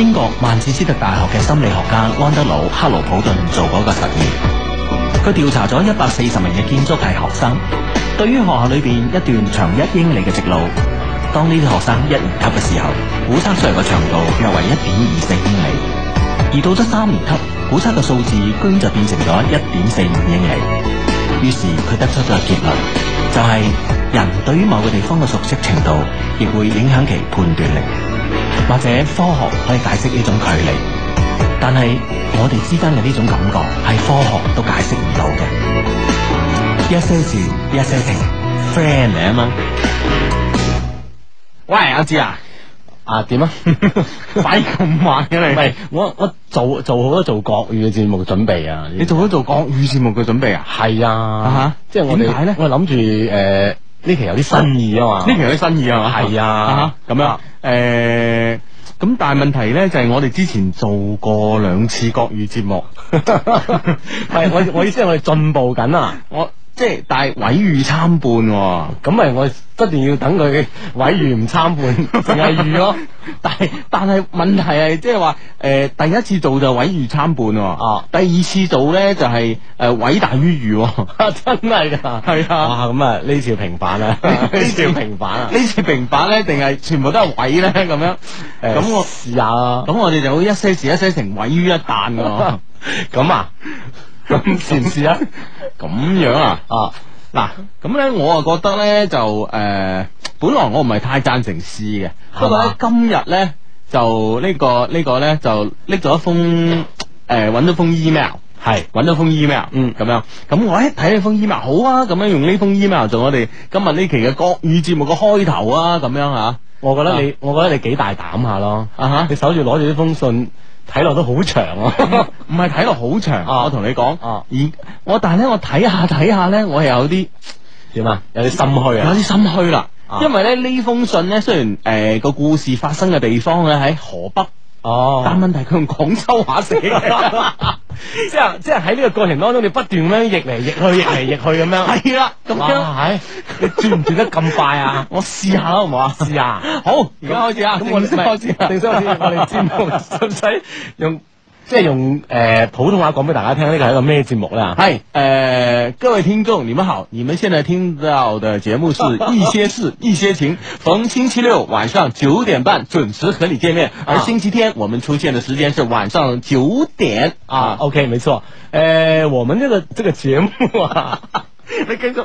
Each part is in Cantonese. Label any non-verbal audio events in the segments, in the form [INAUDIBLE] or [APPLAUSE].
英國曼徹斯特大學嘅心理學家安德魯·克魯普頓做過一個實驗，佢調查咗一百四十名嘅建築系學生，對於學校裏邊一段長一英里嘅直路，當呢啲學生一年級嘅時候，估測出嚟嘅長度約為一點二四英里，而到咗三年級，估測嘅數字居然就變成咗一點四五英里，於是佢得出咗結論，就係、是、人對於某個地方嘅熟悉程度，亦會影響其判斷力。或者科學可以解釋呢種距離，但係我哋之間嘅呢種感覺係科學都解釋唔到嘅。一些事一些情，friend 嚟啊嘛！喂，阿智啊，啊點啊？擺咁慢嘅你？喂我我做做好咗做，做國語嘅節目準備啊！你做好咗做國語節目嘅準備啊？係啊！嚇、啊，即係我點解咧？我諗住誒呢期有啲新意啊嘛！呢期有啲新意啊嘛！係啊！咁、啊、樣誒、啊、～、呃咁但係問題咧，就係、是、我哋之前做過兩次國語節目，係 [LAUGHS] [LAUGHS] 我我意思係我哋進步緊啊！我。即係，但係毀譽參半，咁咪我不斷要等佢毀譽唔參半，淨係譽咯。但係但係問題係，即係話誒第一次做就毀譽參半，哦，啊，第二次做咧就係誒毀大於譽，哦啊，真係噶，係啊，咁啊呢次平反啦，啊，呢次平反啊，呢次平反咧定係全部都係毀咧咁樣？咁，呃，我試下啦。咁我哋就好一些事，一些情毀於一旦咁，哦， [LAUGHS] 啊。咁試唔試啊？咁 [LAUGHS] 樣啊？啊嗱，咁咧我啊覺得咧就誒、呃，本來我唔係太贊成試嘅，不過今日咧就呢、這個這個呢個咧就拎咗一封誒，搵、呃、咗封 email 係，搵咗封 email，嗯，咁樣，咁我一睇呢封 email，好啊，咁樣用呢封 email 做我哋今日呢期嘅國語節目嘅開頭啊，咁樣吓，我覺得你、啊，我覺得你幾大膽下咯，啊吓，你守住攞住呢封信。睇落都好長啊 [LAUGHS] 不是看長，唔係睇落好長啊，我同你講，啊，而我但係咧，我睇下睇下咧，我又有啲點啊，有啲心虛啊，有啲心虛啦、啊，因為咧呢這封信咧，雖然誒個、呃、故事發生嘅地方咧喺河北。哦、oh.，但問題佢用廣州話寫、 [LAUGHS] [LAUGHS] 就是，即係即係喺呢個過程當中，你不斷咁樣譯嚟譯去，譯嚟譯去咁樣， [LAUGHS] 樣。係啦，咁樣係你轉唔轉得咁快啊？ [LAUGHS] 我試下啦，好唔好啊？試下。好，而家開始啊！咁我哋先開始啊！定先我哋先，使唔使用？ [LAUGHS] 用這用誒普通話講俾大家聽，那還叫，呢個係一個咩節目啦？嗨，誒，各位聽眾，你們好！你們現在聽到的節目是《一些事， [LAUGHS] 一些情》。逢星期六晚上九點半準時和你見面，而星期天我們出現的時間是晚上九點啊，啊。OK，沒錯。誒、呃，我們這、那個這個節目啊，你繼續。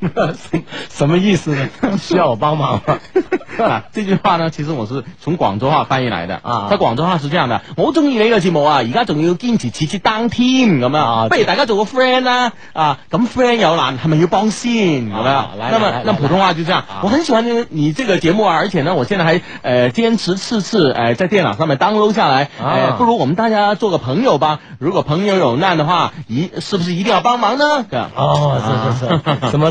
什 [LAUGHS] 什麼意思呢？需要我幫忙嗎、 [LAUGHS] 啊？這句話呢，其實我是從廣州話翻譯來的啊。在廣州話是這樣的：我好中意你個節目啊！而家仲要堅持次次登添，咁樣啊。不如大家做個 friend 啦啊！咁、啊啊、friend 有難，係咪要幫先？咁啊，啊來來那麼來那普通話就這樣、啊。我很喜歡你這個節目啊，而且呢，我現在還呃堅持次次誒、呃、在電腦上面 download 下來、呃啊啊。不如我們大家做個朋友吧。如果朋友有難的話，一是不是一定要幫忙呢？這樣哦，是是是，什 [LAUGHS] 麼？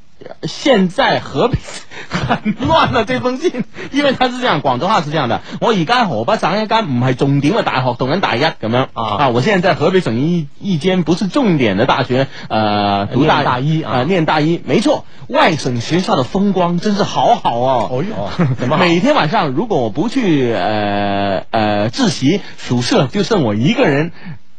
現在河北很亂了，這封信，因為他是這樣，廣州話是這樣的。我而家河北省一間唔係重點嘅大學，讀緊大一，咁樣啊啊！我現在在河北省一一間不是重點的大學，呃，讀大，大一啊，念、呃、大一，沒錯。外省學校的風光真是好好、啊、哦！哎、嗯、喲怎麼，怎麼每天晚上如果我不去呃呃自習宿舍，就剩我一個人。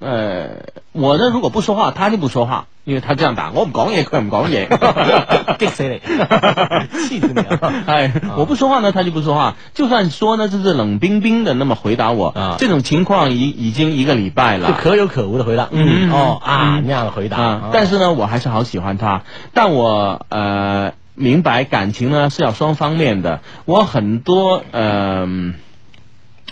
呃，我呢如果不說話，他就不說話，因為他這樣打。我不講嘢，佢唔講嘢，講 [LAUGHS] [LAUGHS] 氣死你了，氣死你！哎，我不說話呢，他就不說話，就算說呢，就是冷冰冰的那麼回答我。啊，這種情況已已經一個禮拜了，就可有可無的回答。嗯，嗯哦啊嗯那樣的回答，啊嗯，但是呢，我還是好喜歡他。但我呃明白感情呢是要雙方面的，我很多嗯。呃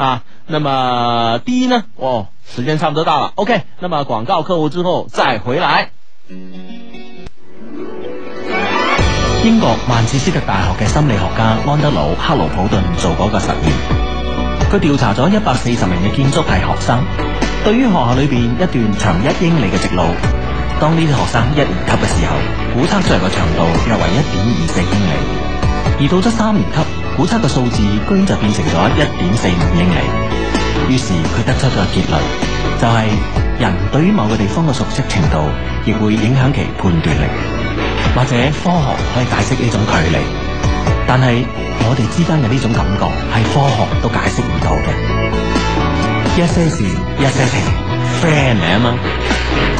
啊，那麼第一呢？哦，時間差不多到了。OK，那麼廣告客戶之後再回來。英國曼徹斯特大學嘅心理學家安德魯·克羅普頓做嗰個實驗，佢調查咗一百四十名嘅建築系學生，對於學校裏邊一段長一英里嘅直路，當呢啲學生一年級嘅時候，估測出嚟嘅長度約為一點二四英里，而到咗三年級。估測個數字，居然就變成咗一點四五英里。於是佢得出咗結論，就係人對於某個地方嘅熟悉程度，亦會影響其判斷力。或者科學可以解釋呢種距離，但係我哋之間嘅呢種感覺，係科學都解釋唔到嘅。一些事，一些情，friend 嚟啊嘛。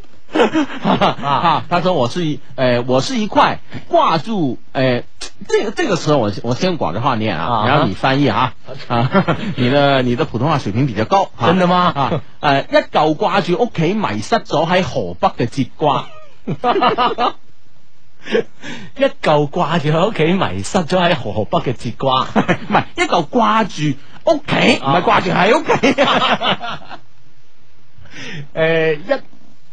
哈， [LAUGHS] 他說我是一，誒，我是一塊掛住，誒、呃，這個、這個詞我我先用廣州話念啊，啊，然後你翻譯啊，啊， [LAUGHS] 你的你的普通話水平比較高，真的嗎？誒、啊， [LAUGHS] 一舊掛住屋企迷失咗喺河北嘅節瓜，okay，啊瓜 [LAUGHS] 嗯、 [LAUGHS] 一舊掛住喺屋企迷失咗喺河北嘅節瓜，唔係一舊掛住屋企，唔係掛住喺屋企，誒一。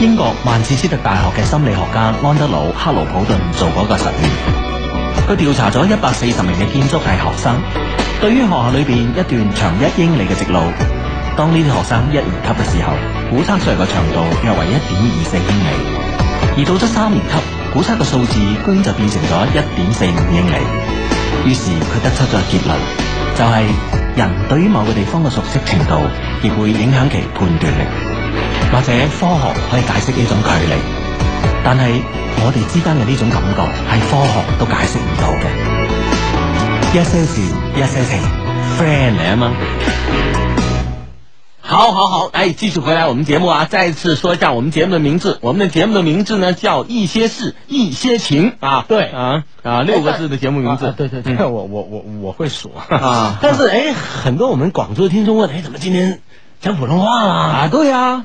英國曼徹斯特大學嘅心理學家安德魯克魯普頓做過一個實驗，佢調查咗一百四十名嘅建築系學生，對於學校裏邊一段長一英里嘅直路，當呢啲學生一年級嘅時候，估測出嚟嘅長度約為一點二四英里，而到咗三年級，估測嘅數字居然就變成咗一點四五英里，於是佢得出咗結論，就係、是、人對於某個地方嘅熟悉程度，亦會影響其判斷力。或者科學可以解釋呢種距離，但係我哋之間嘅呢種感覺係科學都解釋唔到嘅。一些事，一些情，friend 嚟、啊、嘛？好好好，哎，繼續回來我們節目啊！再一次說一下我們節目嘅名字，我們嘅節目嘅名字呢叫《一些事，一些情》啊，對啊啊六個字嘅節目名字，對、啊、對、啊、對，對對對嗯、我我我我會數啊。但是誒、哎，很多我們廣州的聽眾問，誒、哎，怎麼今天講普通話啦、啊？啊，對啊。